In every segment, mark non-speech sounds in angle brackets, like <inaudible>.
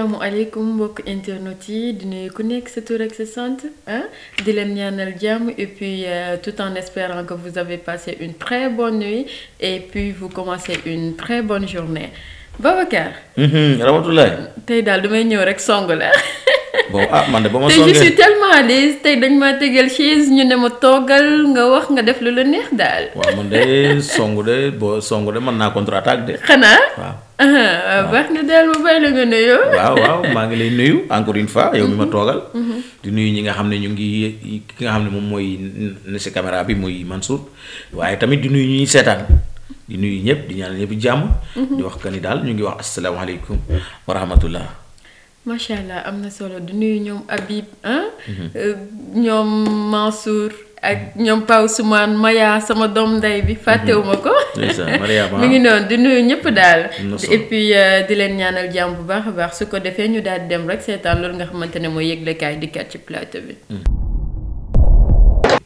asalaamualeykum mbokk internet yi di nuyu ku nekk sa tur ak sa sant di leen ñaanal jàmm et puis euh, tout en espérant que vous avez passé une très bonne nuit et puis vous commencez une très bonne journée Babacar. Mm-hmm, Ramatoulaye. tey daal damay ñëw rek song la. <laughs> bon ah man de ba ma. songee tey je suis dañ ma tegal chaise ñu ne ma toogal nga wax nga def lu la neex daal. waaw man de songu de boo songu de mën naa contre attaque de. xanaa waaw. baax na daal ma bàyyi la maa ngi lay nuyu encore fa fois yow mi ma mhm. toogal. Mhm. di nuyu ñi nga xam ne ñu ngi ki nga xam ne moom mooy ne si caméra bi muy Mansour waaye tamit di nuyu ñuy seetaan. di nuyu ñëpp di ñaanal ñëpp jàmm. Mhm. di wax que ni daal ñu ngi wax asalaamaaleykum wa rahmatullah. macha allah am na solo du nuyu ñoom Habib mhm. euh, ñoom Mansour ak ñoom Pao Soumane Maya sama doom ndey bi fàttewuma mhm. ko. mu <laughs> ngi noonu di nuyu ñëpp daal. et puis euh, di leen ñaanal jàmm bu baax a baax su ko defee ñu daal di dem rek seetaan loolu nga xamante ne mooy yëglekaay dikkaat ci plateau bi. Mhm.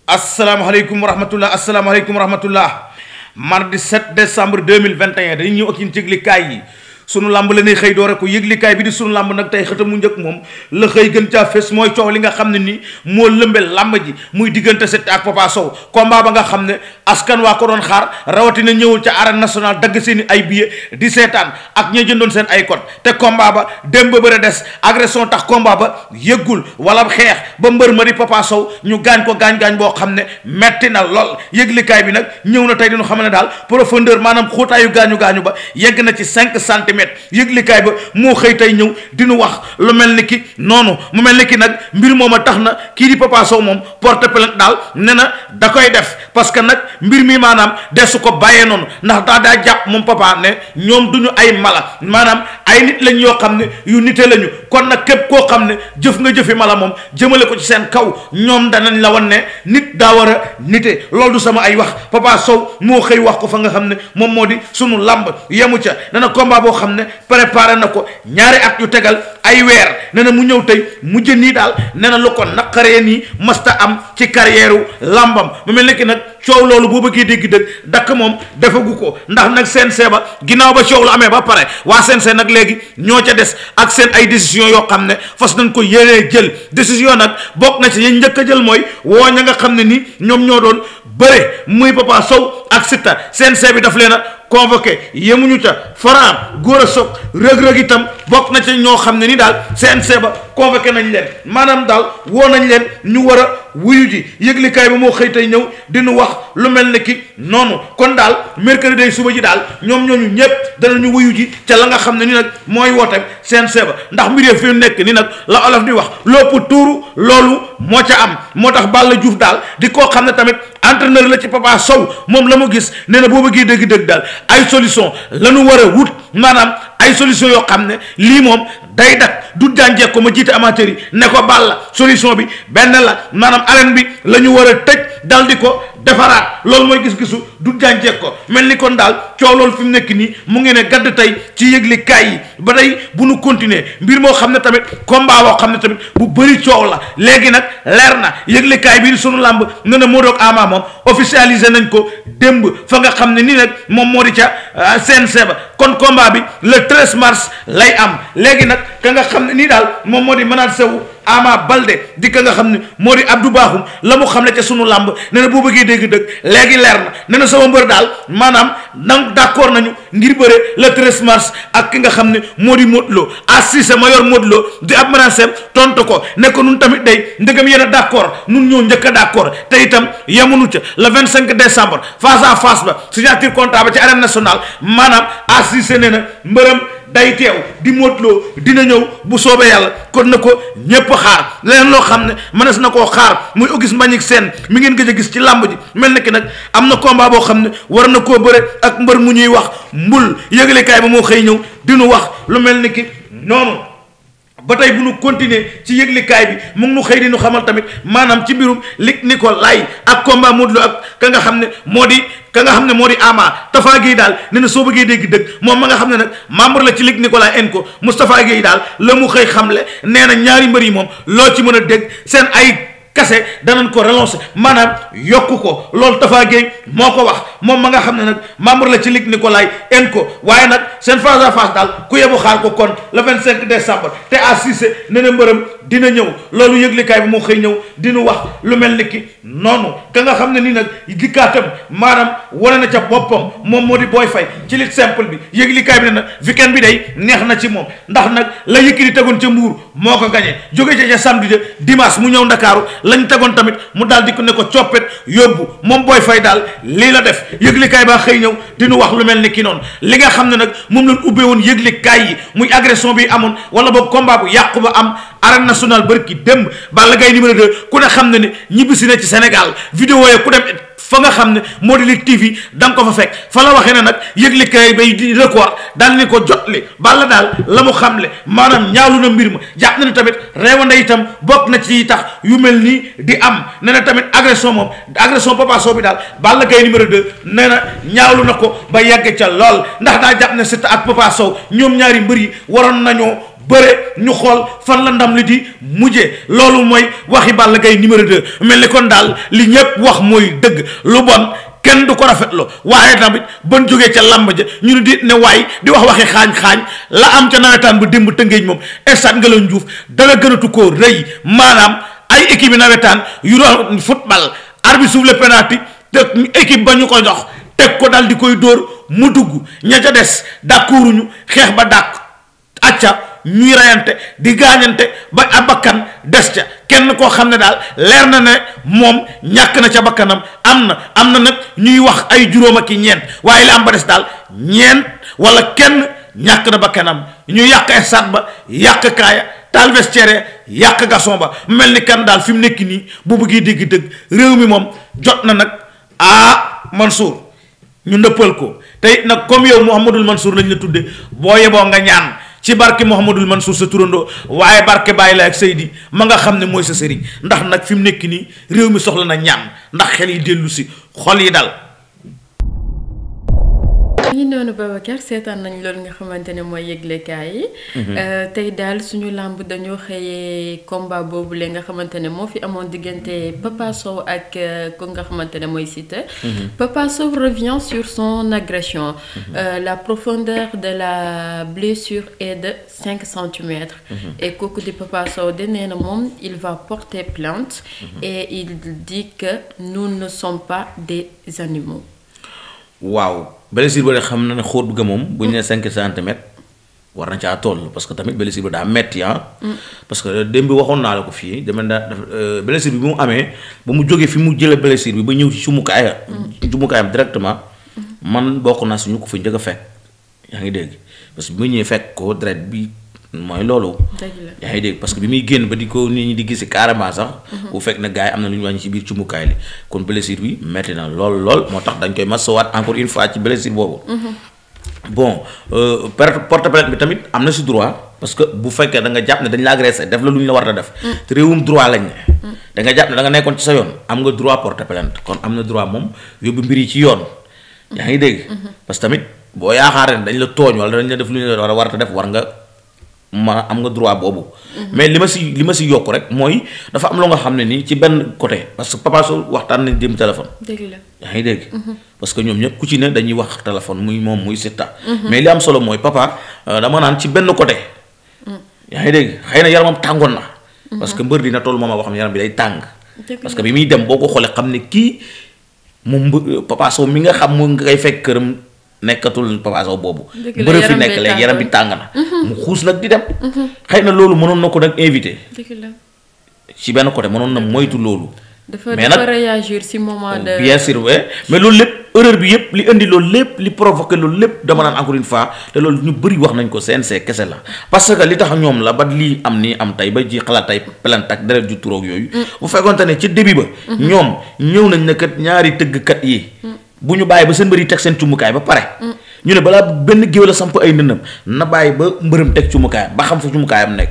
asalaamaaleykum wa rahmatulah asalaamaaleykum wa rahmatulah mardi 7 décembre 2021 dañuy ñëw ak yéen ci yëglekaay yi. sunu làmb la ñuy xëy doo ko yëglikaay bi di sunu làmb nag tey xëta mu njëkk moom la xëy gën caa fes mooy coow li nga xam ne nii moo lëmbe làmb ji muy diggante set ak Papa Sow combat ba nga xam ne askan waa ko doon xaar rawatina ñëwul ca arène nationale dagg seen seeni ay billet di seetaan ak ña jëndoon seen ay code te combat ba dem ba bëre des agression tax combat ba yëggul wala xeex ba mbër ma di Papa Sow ñu gaañ ko gaañ-gaañ boo xam ne metti na lool yëglikaay bi nag ñëw na tey diñu xam ne daal profondeur maanaam xóotaayu gaañu gaañu ba yegg na ci cinq centimètres centimètres yëglikaay ba moo xëy tey ñëw dinu wax lu mel ni ki noonu mu mel ni ki nag mbir moom a tax na kii di Papa Sow moom porte plainte daal ne na da koy def parce que nag mbir mi maanaam desu ko bàyyee noonu ndax daa daa jàpp moom papa ne ñoom du ñu ay mala maanaam ay nit lañ yoo xam ne yu nite lañu kon nag képp koo xam ne jëf nga jëfi mala moom jëmale ko ci seen kaw ñoom danañ la wan ne daa war a nite loolu du sama ay wax Papa Sow moo xëy wax ko fa nga xam ne moom moo di sunu làmb yemu ca nee na combat boo xam ne préparé na ko ñaari at yu tegal ay weer nee na mu ñëw tey mujj nii daal nee na lu ko naqaree nii masta am ci carrière làmbam mu mel ni nag. coow loolu boo bëggee dégg dëgg dakk moom defagu ko ndax nag CNG ba ginnaaw ba coow lu amee ba pare waa CNG nag léegi ñoo ca des ak seen ay décision yoo xam ne fas nañ ko yéenee jël décision nag bokk na ci yéen njëkk a jël mooy woo ña nga xam ne ni ñoom ñoo doon bëre muy Papa Sow ak seen CNG bi daf leen a convoqué yemuñu ca Franc Gora Sock rëg-rëg itam bokk na ca ñoo xam ne ni daal CNG ba convoqué nañ leen maanaam daal woo nañ leen ñu war a wuyu ji yëglikaay bi moo xëy tey ñëw dinu wax lu mel ne ki noonu kon daal mercredi suba ji daal ñoom ñooñu ñépp danañu wuyu ji ca la nga xam ne ni nag mooy wooteem CNG ba ndax mbir fi nekk ni nag la olof di wax lopp tuuru loolu moo ca am moo tax Balla Diouf daal di koo xam ne tamit entraîneur la ci Papa Sow moom la mu gis nee na boo bëggee dëgg-dëgg daal ay solution la ñu war a wut maanaam ay solution yoo xam ne lii moom day dak du jànjee ko ma jiite amateur ne ko bal solution bi benn la maanaam arène bi la ñu war a tëj dal di ko defaraat loolu mooy gis-gisu du jànjee ko mel ni kon daal coow loolu fi mu nekk nii mu ngi ne tey ci yëgle kaay yi ba tey nu continuer mbir moo xam ne tamit combat boo xam ne tamit bu bëri coow la léegi nag leer na yëgle kaay bii sunu làmb ne na Modou moom officialisé nañ ko démb fa nga xam ne nii nag moom moo di ca euh, CNG ba kon combat bi le 13 mars lay am léegi nag ka nga xam ne nii daal moom moo di mënaat sew Ama Balde di ka nga xam ne moo di Abdou Bakhoum la mu xam ne ca sunu làmb ne na boo bëggee dégg dëgg léegi leer na ne na sama daal maanaam d' accord nañu ngir bëre le 13 mars ak ki nga xam ne moo di Modou Lo Assise mayor Modou Lo di ab menacem tontu ko ne ko nun tamit day ndegem yéen a d' accord nun ñëw njëkk a d' accord te itam yemunu ca le 25 décembre face à face ba signature contrat ba ci arène nationale maanaam Assise nee na mbërëm day teew di móotuloo dina ñëw bu soobee yàlla kon na ko ñépp xaar leneen loo xam ne mënees na koo xaar muy Auguste Mbagnick seen mi ngeen gëj a gis ci làmb ji mel na ki nag am na combat boo xam ne war na koo bëre ak mbër mu ñuy wax mbul yëglekaay bi moo xëy ñëw dinu wax lu mel ni ki noonu ba tey bu nu continuer ci yëglikaay bi mu ngi nu xëy di nu xamal tamit maanaam ci mbirum Luc Nicolaï ak combat Modou Lo ak ka nga xam ne moo di ka nga xam ne moo di Ama Tafa Gueye daal ne na soo bëggee dégg dëgg moom ma nga xam ne nag membre la ci Luc Nicolaï en ko Moustapha Gueye daal la mu xëy xamle nee na ñaari mbër yi moom loo ci mën a dégg seen ay kase danañ ko relancer maanaam yokku ko loolu Tafa Gueye moo ko wax moom ma nga xam ne nag membre la ci Luc Nicolaï en ko waaye nag seen face à face daal ku yebu xaar ko kon le 25 décembre te à Cissé ne na mbërëm dina ñëw loolu yëglikaay bi moo xëy ñëw dina wax lu mel ni ki noonu ka nga xam ne nii nag dikkaatam maanaam wane na ca boppam moom moo di booy fay ci lit simple bi yëglikaay bi ne nag weekend bi day neex na ci moom ndax nag la yëkkati tegoon ca mbuur moo ko gañee jóge ca ca samedi mu ñëw ndakaaru lañ tegoon tamit mu daal di ko ne ko coppet yóbbu moom booy fay daal lii la def yëglikaay baa xëy ñëw dina wax lu mel ni ki noonu li nga xam ne nag moom lañ ubbee woon yëgle kaay yi muy agression bi amoon wala boog combat bu yàqu ba am arène nationale dem démb Balla Gaye numéro 2 ku ne xam ne ne ñibbisi na ci Sénégal vidéo ya ku dem fa nga xam ne moo di Lutte TV da nga ko fa fekk fa la waxee ne nag yëgle kay bay di record daal ni ko jot li Balla daal la mu xam le maanaam ñaawlu na mbir ma jàpp na ne tamit réewande itam bokk na ci tax yu mel nii di am ne na tamit agression moom agression Papa Sow bi daal Balla Gaye numéro 2 nee na ñaawlu na ko ba yàggee ca lool ndax daa jàpp ne set ak Papa Sow ñoom ñaari mbër yi waroon nañoo. bëre ñu xool fan la ndam li di mujjee loolu mooy waxi Balla ngay numéro 2 mel ni kon daal li ñëpp wax mooy dëgg lu bon kenn du ko rafetlu waaye tamit ban jógee ca làmb ja ñu ne di ne waay di wax waxi xaañ-xaañ la am ca nawetaan bu démb tëngeej moom nga la Diouf dara gënatu ko rëy maanaam ay équipe yi nawetaan yu doon football arbitre suuf le penalty te équipe ba ñu ko jox teg ko daal di koy dóor mu dugg ña ca des dàkkuuruñu xeex ba dàkk acca ñuy rayante di gaañante ba ab bakkan des ca kenn koo xam ne daal leer na ne moom ñàkk na ca bakkanam am na am na nag ñuy wax ay juróom ak i ñeent waaye li am ba des daal ñeent wala kenn ñàkk na bakkanam ñu yàq estade ba yàq kaaya taal vestiaire yàq gason ba mel ni kan daal fi mu nekk nii bu bëggee dégg dëgg réew mi moom jot na nag ah Mansour ñu nëppal ko tey nag comme yow Mouhamadul Mansour lañ la tudde boo yeboo nga ñaan ci barke man Mansour sa turandoo waaye barke bàyyi Laye ak Seydi ma nga xam ne mooy sa sëriñ ndax nag fi mu nekk nii réew mi soxla na ñaan ndax xel yi dellu si xol yi dal ñu noonu Babacar seetaan nañ loolu nga xamante ne mooy yëglekaay yi. Mhm. Euh, tey daal suñu làmb dañoo xëyee combat boobu le nga xamante ne moo fi amoon diggante Papa Sow ak euh, ko nga xamante ne mooy Siteu. Mhm. Papa Sow revient sur son agression. Mhm. Euh, la profondeur de la blessure est de cinq centimètres. et kooku di Papa Sow de nee na moom il va porter plainte. et il dit que nous ne sommes pas des animaux. waaw blessure ba de xam na ne xóot ga moom bu ñu ne cinq centimètre war na caa toll parce que tamit blessure bi daa metti ah. Mm. parce que démb bi waxoon naa la ko fii dama daa dafa euh, blessure bi mu amee ba mu jógee fi mu jëlee blessure bi ba ñëw ci sumukaaya sumukaayam mm. directement mm. man bokk naa suñu ko fa njëkk a fekk yaa ngi dégg parce que bi ñëwee fekk ko deret bi. mooy loolu. yaa ngi dégg parce bi muy génn ba di ko nit ñi di gis carrément sax. Mhm. bu fekk na gars am na lu ñu wàññi ci biir cumukaay li kon blessure bi metti na lool lool moo tax dañ koy masawaat encore une fois ci blessure boobu. Mhm. bon euh, porte plainte bi tamit am na si droit parce bu fekkee da jàpp ne dañ la agressé def la lu ñu la war a def. Mhm. te réewum droit lañ ne. da jàpp ne da nekkoon ci sa yoon am nga droit porte plainte kon am na droit moom a ma am nga droit boobu. mais li ma si li ma si yokk rek mooy dafa am loo nga xam ne nii ci benn côté parce que Papa waxtaan nañ dem téléphone. dëgg la yaa ngi dégg. Mhm. parce que ñoom ñëpp ku ci ne dañuy wax téléphone muy moom muy Siteu. Mhm. mais li am solo mooy papa euh, dama naan ci benn côté. Mhm. yaa ngi dégg xëy na yaramam tàngoon na. parce que mbër dina toll moom boo xam ne yaram bi day tàng. parce que bi muy dem boo ko xoolee xam ne kii moom Papa Sow mi nga xam mu ngay fekk këram. nekkatul Papa Sow boobu. mbërë fi nekk léegi yaram bi tàng na. Mhm. mu xuus nag di dem. Mhm. xëy na loolu mënoon na ko nag invité. ci benn côté mënoon na moytu loolu. dafa dafa réagir si moment de bien sûr mais loolu lépp erreur bi yëpp li indi loolu lépp li provoqué loolu lépp dama naan encore une fois te loolu ñu bëri wax nañ ko seen CNC kese la parce que li tax ñoom la ba lii am nii am tey ba ji xalaat tey plainte ak deret ju turoog yooyu. Mm. bu fekkonte ne ci début ba. Mm-hmm. ñoom ñëw nañ ne kat ñaari tëggkat yi. Mm. bu ñu bàyyi ba seen mbër yi teg seen cumukaay ba pare. ñu ne balaa benn géwél a samp ay ndëndam na bàyyi ba mbërëm teg cumukaayam ba xam fu cumukaayam nekk.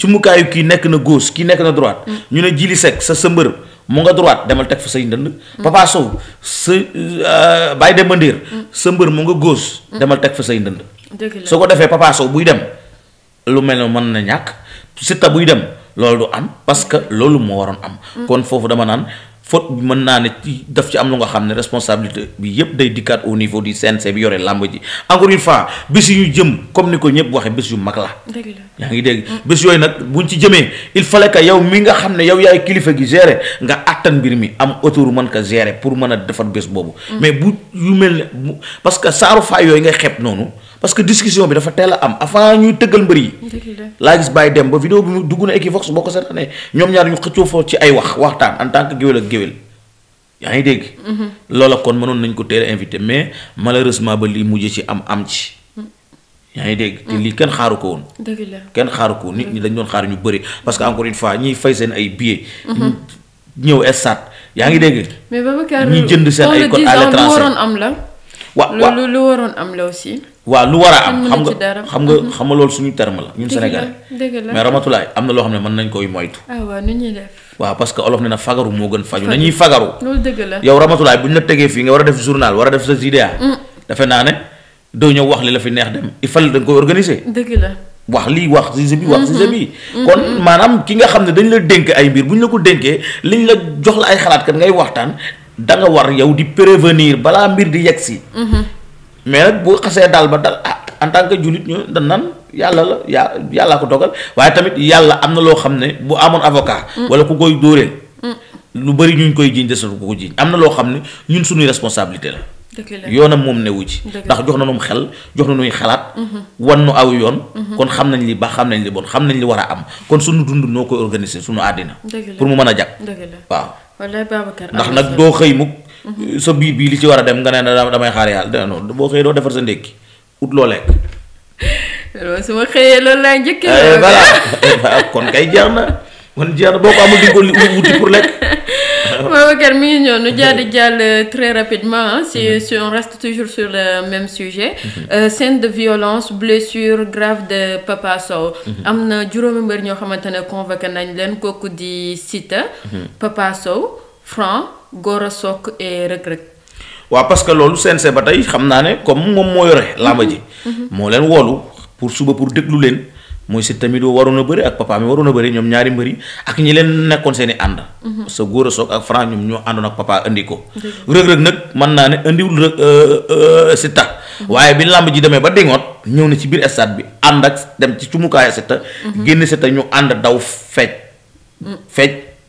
cumukaayu kii nekk na gauche kii nekk na droite. Mm. ñu ne Jili Seck sa sa mbërëm mu nga droite demal teg fa say ndënd. Mm. Papa Sow sa dem euh, Demba Ndir mm. sa mbër mu nga góos demal teg fa say ndënd. soo ko defee Papa Sow buy dem lu mel ne mën na ñàkk Siteu buy dem loolu du am parce que loolu moo waroon am. kon foofu dama naan. faute mën naa ne daf ci am na nga xam ne responsabilité bi yépp day dikkaat au niveau du CNC bi yore làmb ji encore une fois bés yu jëm comme ni ko ñëpp waxee bés yu mag la yaa ngi dégg mm. bés yooyu nag buñ ci jëmee il fallait que yow mi nga xam ne yow yaay kilifa gi gérer nga àttan mbir mi am autour mën ko gérer pour mën a defar bés boobu mm. mais bu yu mel ne parce que saaru faay yooyu ngay xeeb noonu parce que discussion bi dafa teel a am avant ñuy tëggal mbër yi. laa gis bàyyi dem ba vidéo bi mu dugg na Equivox boo ko seetaanee ñoom ñaar ñu xëccoo foofu ci ay wax waxtaan en tant que géwél ak géwél yaa ngi dégg. Mhm. loola kon mënoon nañ ko teel a invité mais malheureusement ba lii mujj ci am am ci. Mhm. yaa ngi dégg te mhm. lii kenn xaaru ko woon. kenn xaaru ko woon nit ñi dañ doon xaar ñu bëri parce que encore une fois ñiy fay seen ay billets. ñëw estat yaa ngi dégg. mais Babacar ñi jënd seen ay am la. waaw waaw lu war a am xam nga xam nga mhm. xam nga loolu suñu terme la ñun Sénégalais mais ramatulaay am na loo xam ne mën nañ koy moytu. Ah waaw nu waaw parce que olof ne na fagaru moo gën faju nañuy fagaru. loolu dëgg la yow ramatulaay bu ñu la tegee fii nga war a def journal war a def sa idée. Mm. defe naa ne doo ñëw wax li la fi neex dem il fallait da nga koy organiser. dëgg la wax lii wax si bi wax si bi mm-hmm. Mm-hmm. kon maanaam ki nga xam ne dañu la dénk ay mbir bu ñu la ko li ñu la jox la ay xalaat kat ngay waxtaan da nga war yow di prévenir balaa mbir di yegg si mm-hmm. mais nag boo xasee daal ba dal ah en tant que jullit ñu dañ naan yàlla la yaa yàllaa ko dogal waaye tamit yàlla am na loo xam ne bu amoon avocat. Mm. wala ku koy dóoree. Mm. lu bari ñu koy jiiñ desatu ko ko jiiñ am na loo xam ne ñun suñuy responsabilité la. yoonam moom newu ci ndax jox na mu xel jox na nuy xalaat mm-hmm. wan nu aw yoon mm-hmm. kon xam nañ li baax xam nañ li bon xam nañ li war a am kon suñu dundu noo koy organiser suñu àddina pour mu mën a jag waaw ndax nag doo xëy sa bii bii li ci war a dem nga ne na damay xaar yàlla non boo xëyee doo defar sa ndékki ut loo lekk. <laughs> loolu su ma xëyee loolu laa njëkkee. Eh, voilà <laughs> <laughs> ah, kon kay jeex kon jeex boo ko amul di ko wuti pour lekk. Babacar mi ngi ñëw nu jàdd jàll euh, très rapidement si mhm. si on reste toujours sur le même sujet mhm. euh, scène de violence blessure grave de Papa Sow mhm. am na juróomi mbër ñoo xamante ne convoqué nañ leen kooku di Siteu Papa Sow Franc góor Sock et Reug Reug waaw parce que loolu CNG ba tey xam naa ne comme moom moo yore làmba ji. moo leen woolu pour suba pour déglu leen mooy si tamit waroon a bëri ak papa mi waroon a bëri ñoom ñaari mbëri ak ñi leen nekkoon seen i ànd. parce mhm. que Gora Sock ak Franc ñoom ñoo àndoon ak papa indi ko. Reug Reug nag mën naa ne indiwul Reug euh, euh, Siteu. Mhm. waaye bi làmb ji demee ba déngoot ñëw na ci biir stade bi ànd ak dem ci cumukaay Siteu. Mhm. génn Siteu ñu ànd daw fecc. Mm.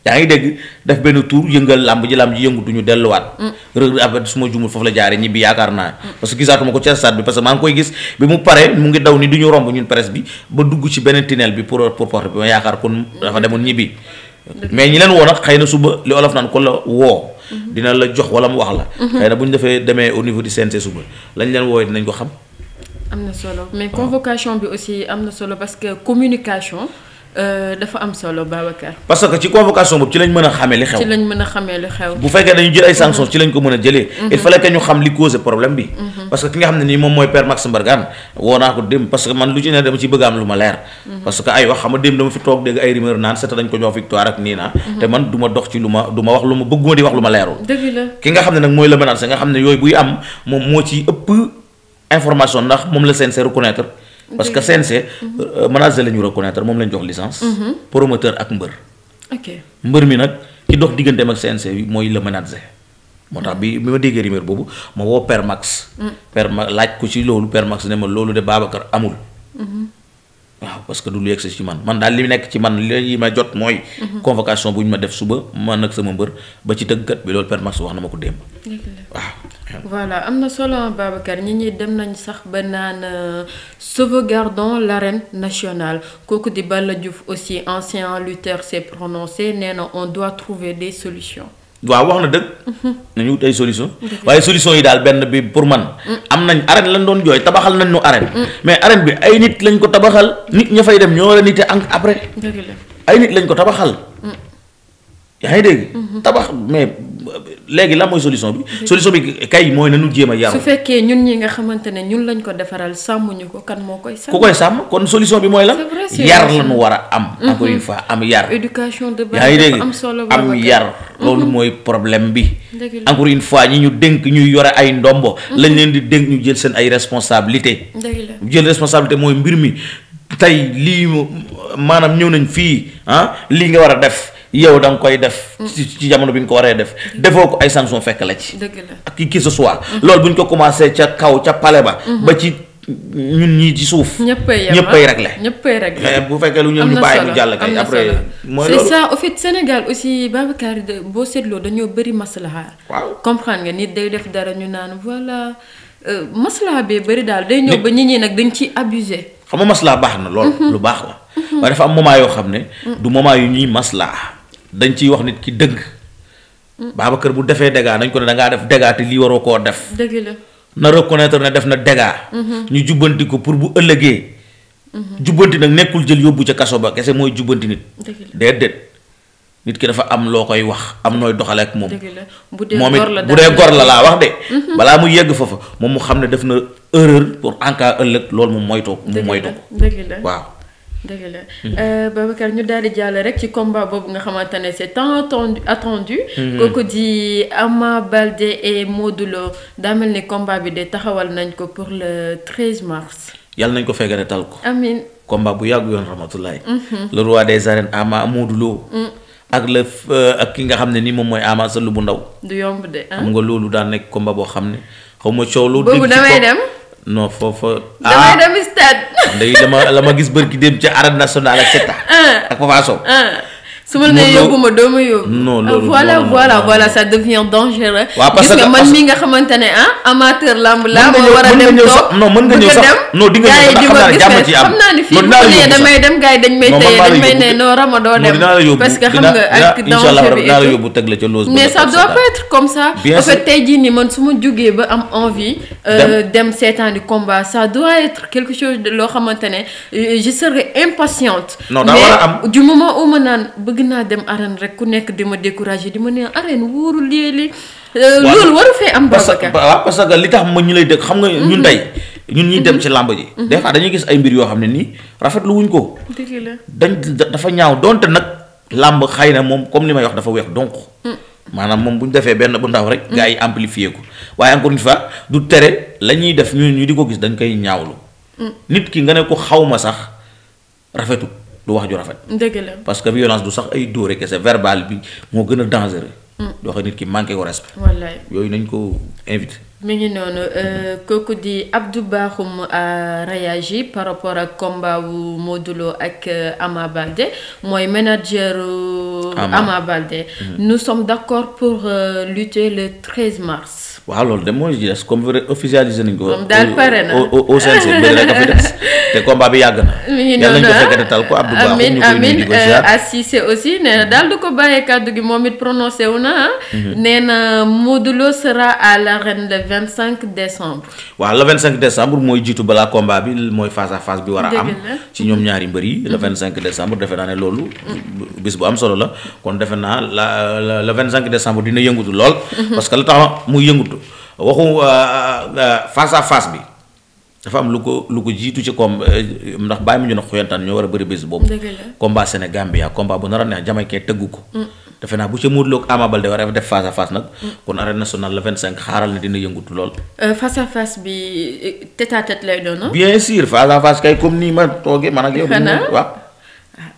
yaa ngi dégg def benn tour yëngal làmb ji làmb ji yëngu duñu delluwaat mm. rëg rëg su ma jumul foofu la jaare ñibbi yaakaar naa mm. parce que gisaatuma ko ci stade bi parce que maa ngi koy gis bi mu pare mu ngi daw ni du romb ñun presse ba dugg ci beneen tunnel bi pour pour bi ma yaakaar kon dafa demoon ñibbi mais ñi leen woo nag na suba li olof naan ko la woo mm-hmm. dina la jox wala mu wax la mm-hmm. xëy na bu ñu defee demee au niveau du CNG suba lañ leen woowee dinañ na solo mais convocation bi aussi am na Euh, dafa am solo Babacar. parce que ci convocation boobu ci lañ mën a xamee li xew. ci lañ mën a xamee li xew. bu fekkee dañu jël ay sanctions mm-hmm. ci lañ ko mën a jëlee. Mm-hmm. il fallait que ñu xam li causé problème bi. Mm-hmm. parce que ki nga xam ne nii mooy père naan seet nga xam ne nag buy am moom moo ci ëpp information ndax moom la CNG reconnaître parce que CNC. Euh, euh, manager la ñu reconnaître moom lañ ñu jox licence. Mhm. promoteur ak mbër. ok mbër mi nag ki dox digganteem ak CNC bi mooy le manager. moo tax bi bi ma déggee rumeur boobu ma woo Père Max. Mm. Père Max laaj ko ci loolu Père Max ne ma loolu de Babacar amul. Mhm. waaw parce que du lu yegsi ci man man daal li nekk ci man li ma jot mooy. Mhm. convocation bu ñu ma def suba man ak sama mbër ba ci tëggkat bi loolu Père wax na ma ko démb. waaw. voilà am na solo Babacar ñi ñi dem nañ sax ba naan euh, sauvegardons l'arène nationale kooku di Balla Diouf aussi ancien lutteur s'est prononcé nee na on doit trouver des solutions. waaw wax na dëgg. Mhm. nañu wut ay solution waaye solution yi daal benn bi pour man. Mm. am nañ arène lañ doon jooy tabaxal nañ nu arène. Mm. mais arène bi ay nit lañ ko tabaxal. nit ña fay dem ñoo la nite an après. ay nit lañ ko tabaxal. Mm. yaa ngi dégg. Mhm. tabax mais léegi la mooy solution bi. solution bi kay mooy na ñu jéem a yaru. su fekkee ñun ñi nga xamante ne ñun lañ ko defaral sàmmuñu ko kan moo koy. sàmm ku koy sàmm kon solution bi mooy lan. yar la ñu war a am. encore une mm-hmm. fois am yar. éducation mm-hmm. mooy problème bi. encore une fois ñi ñu dénk ñu yore ay ndombo. Mm-hmm. lañ leen di dénk ñu jël seen ay responsabilité jël responsabilité mooy mbir mi tey lii maanaam ñëw nañ fii ah lii nga war a def. yow da nga koy def. Mm. ci jamono bi nga ko waree def. Mm. defoo ko ay sanction fekk la ci. dëgg la ak qui que ce soit. Mm. bu ñu ko commencé ca kaw ca pale ba. Mm-hmm. ba ci ñun ñii ci suuf. ñëppay yem ah ñëppay réglé bu fekkee lu ñu ñu bàyyi mu jàll kay après. mooy loolu c'est ça au fait Sénégal aussi Babacar boo seetloo dañoo bëri maslaha. waaw comprendre nga nit day def dara ñu naan voilà euh, maslaha bee bëri daal day ñëw ba nit ñi nag dañ ci abusé. xam ma maslaa baax na lool. Mm-hmm. lu baax la. Mm-hmm. waaye dafa am moment yoo xam ne. du moment yu ñuy maslaha. dañ ciy wax nit ki dëgg. kër bu defee dégâts dañ ko ne da ngaa def dégâts te lii waroo koo def. dëgg la na reconnaître ne def na dégâts. Mhm. ñu jubbanti ko pour bu ëllëgee. Mhm. jubbanti nag nekkul jël yóbbu ca kaso ba kese mooy jubbanti nit. déedéet nit ki dafa am loo koy wax am nooy doxale ak moom. bu dee moom it bu dee gor la laa wax de. Mhm. balaa mu yegg foofa moom mu xam ne def na erreur pour en ëllëg loolu mu moytoo. mu moytoo waaw. dëgg la mhm. euh, Babacar ñu daal di jàll rek ci combat boobu nga xamante ne c'est tant attendu attendu. Mhm. kooku di Ama Baldé et Modou Lo daa mel ni combat bi de taxawal nañ ko pour le 13 mars. yàlla nañ ko fekkale tal ko. amiin combat bu yàggu yoon rahmatulahi. Mhm. le roi des arènes Ama Modou Lo. Mm. ak la euh, ak ki nga xam ne ni moom mooy Ama sa lu bu ndaw. du yomb de. xam nga loolu daan nekk combat boo xam ne xaw ma loolu boobu damay dem. non foofa. damay ah. dem stade. léegi dama la ma gis bërki dem ca arène nationale ak CETA. ak ah. Papa Sow. Ah. su ma la nee yóbbu ma doo ma yóbbu. non ah, loolu voilà voilà voilà ça devient dangereux. waaw parce que gis nga man mii nga xamante ne ah amateur lamb laa. ma war a dem toog non mën nga ñëw sax non di nga ñëw sax xam naa ne jàmm ci am. xam naa ne fii bu nee damay dem gars yi dañ may téye dañ may ne non rama doo dem. parce que xam nga ak danger bi dinaa la yóbbu teg la ca loose. mais ça doit pas être comme ça. bien sûr en fait tey jii nii man su ma jógee ba am envie. Euh, dem seetaan di combat ça doit être quelque chose loo xamante ne je serai impatiente. non daa war a am mais du moment où ma naan bëgg naa dem arène rek ku nekk di ma découragé di ma ne arène wóorul lii léeg euh, loolu waru fee am. Babacar waaw parce que li tax ma ñu lay dëkk xam nga ñu mhm. tey. ñun ñuy dem mhm. ci làmb ji. Mhm. des fois dañuy gis ay mbir yoo xam ne nii rafetlu wuñ ko. dëgg la dañ dafa ñaaw donte nag làmb xëy na moom comme li may wax dafa weex donc. Mm. maanaam moom bu ñu defee benn bu ndaw rek. Mm. gars yi amplifié ko waaye encore une fois du tere la ñuy def ñu ñu di ko gis dañ koy ñaawlu. Mm. nit ki nga ne ko xaw ma sax rafetu du wax ju rafet. parce que violence du sax ay dóore kese verbal bi moo gën a dangereux. doo xam hmm. nit ki manqué ko respect. yooyu nañ ko invité. mi ngi noonu euh, kooku di Abdou Bakhoum a euh, réagi par rapport ak combat wu Modou Lo ak euh, Ama Baldé mooy manager. Ama Baldé hmm. nous sommes d'accord pour lutter le mars. waaw loolu de moo ci des comme vrai officialisé nañ ko. moom daal pare na au au bi rek a fi des te combat bi yàgg na. <laughs> yàlla nañ ko fekk euh, aussi nee na daal du ko bàyyee kàddu gi moom it prononcé wu na ah. Mhm. nee na Modou Lo sera à l'arène le 25 décembre. waaw le 25 décembre mooy jiitu balaa combat bi mooy face à bi war a am. ci ñoom ñaari mbër yi. Mhm. le 25 décembre defe naa ne loolu. Mhm. bis bu am solo la kon defe naa la le 25 décembre dina yëngutu lool. parce que lu waxu euh, euh, euh, face à face bi dafa am lu ko lu ko jiitu ci kom ndax bàyyi mu ñu na xoyantaan ñoo war a bëri bés boobu. combat Sénégambia combat bu nar a neex Jamaïcain tëggu ko. Mm. defe naa bu ca Modou Lo ak Ama Baldé war a def face à nag. Mm. kon arène nationale la 25 xaaral na dina yëngutu lool. face à face bi tête à tête lay doon. bien sûr face à kay comme nii ma toogee man ak yow. xanaa waaw.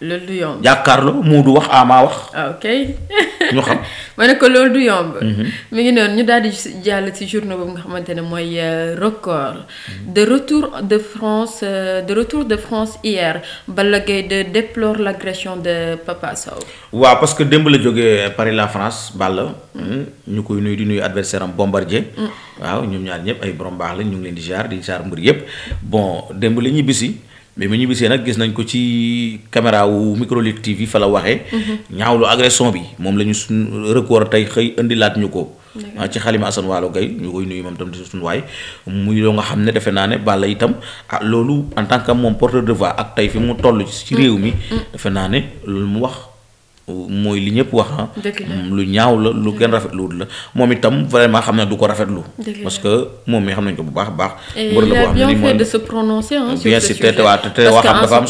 loolu du yomb jàkkaarloo moo du wax ama wax. ok <laughs> ñu xam. ma ne ko loolu du yomb. Mhm. mi ngi noonu ñu daal di jàll ci journée boobu nga xamante ne mooy euh, record. Mhm. de retour de France euh, de retour de France hier Balla Gaye de déplore l' agression de Papa Sow. waaw parce que démb la jógee Paris la France Balla. Mm. Hmm, ñu koy nuyu di nuyu adversaire am Bombardier. Mm. waaw ñoom ñaar ñëpp ay borom baax la ñu ngi leen di jaar di jaar mbir yëpp bon démb la ñibbisi mais bu ñu bisee nag gis nañ ko ci caméra wu microlite TV fa la waxee. ñaawlu agression bi moom la ñu suñu record tey xëy indilaat ñu ko. Ah, ci xalima Assane Waalo Gaye ñu koy nuyu moom itam di suñu waay muy loo nga xam ne defe naa ne Balla itam ah loolu en tant que moom porteur de voix ak tey fi mu toll ci réew mi. Mm. defe naa ne loolu mu wax. mooy li ñëpp wax ah. Mm, lu ñaaw la lu gën rafetlu wut la moom itam vraiment xam ne du ko rafetlu. parce que moom mi xam nañ ko bu baax a baax. mbër la boo xam ne nii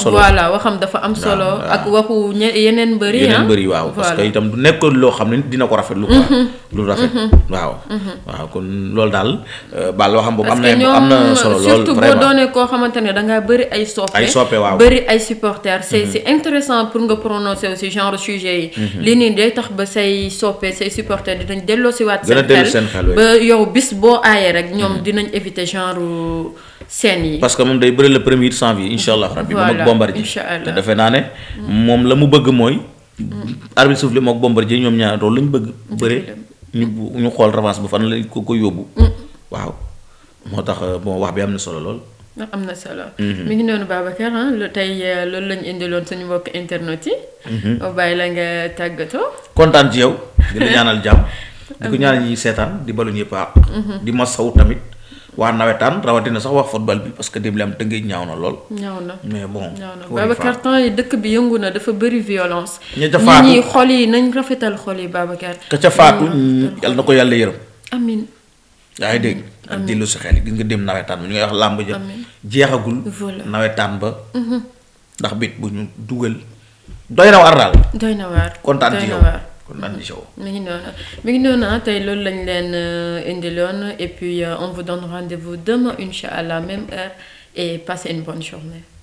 mooy solo. ak waxu yeneen mbër yeneen ah. mbër waaw. parce que itam nekk loo xam ne dina ko rafetlu. Mhm. lu rafet mhm. waaw. Mhm. waaw kon loolu daal euh, baal waxam boobu am am na solo lool boo doonee koo xamante ne bëri ay soppe. ay ay supporters. c'est intéressant pour nga prononcer aussi genre sujet budget mhm. li nii day tax ba say soppee say supporter dinañ delloo si waat. seen xel ba yow bis boo aayee rek ñoom mhm. dinañ éviter genre seen yi. parce que moom day bëri le premier janvier incha allah rabbi moom ak Bombardier te defe naa ne mhm. moom la mu bëgg mooy. arbitre soufflé moom ak Bombardier ñoom ñaar loolu lañ bëgg. bëre ñu ñu xool revanche bu fan la ko ko yóbbu. waaw moo tax euh, bon wax bi am na solo lool. ndax am na solo. Mhm. mi ngi noonu Babacar ah lu tey euh, loolu la ñu indiloon suñu mbokk internet yi. ma mhm. bàyyi la nga tàggatoo. kontaan ci yow. di la ñaanal jàmm. <laughs> di ko ñaanal ñuy seetaan di balu ñëpp a ah. mhm. di ma saw tamit. waa nawetaan rawatina sax wax football bi parce que démb la am tëngéej ñaaw na lool. ñaaw na mais bon. ñaaw na Babacar temps yi dëkk bi yëngu na dafa bëri violence. ña ca faatu ñi xol yi nañ rafetal xol yi Babacar. ka ca faatu yal na ko yàlla yërëm. amiin yaa ngi dégg. ak dellu si xel yi nga dem nawetaan ba ñu ngay wax làmb ja jeexagul nawetaan ba mhm. ndax bit bu ñu dugal doy na waar daal doy na waar kontaan ci yow kon naan di mi ngi noonu mu ngi noonu ah tey loolu lañ leen euh, indiloon et puis euh, on vous donne rendez-vous allah même heure et passez une bonne journée.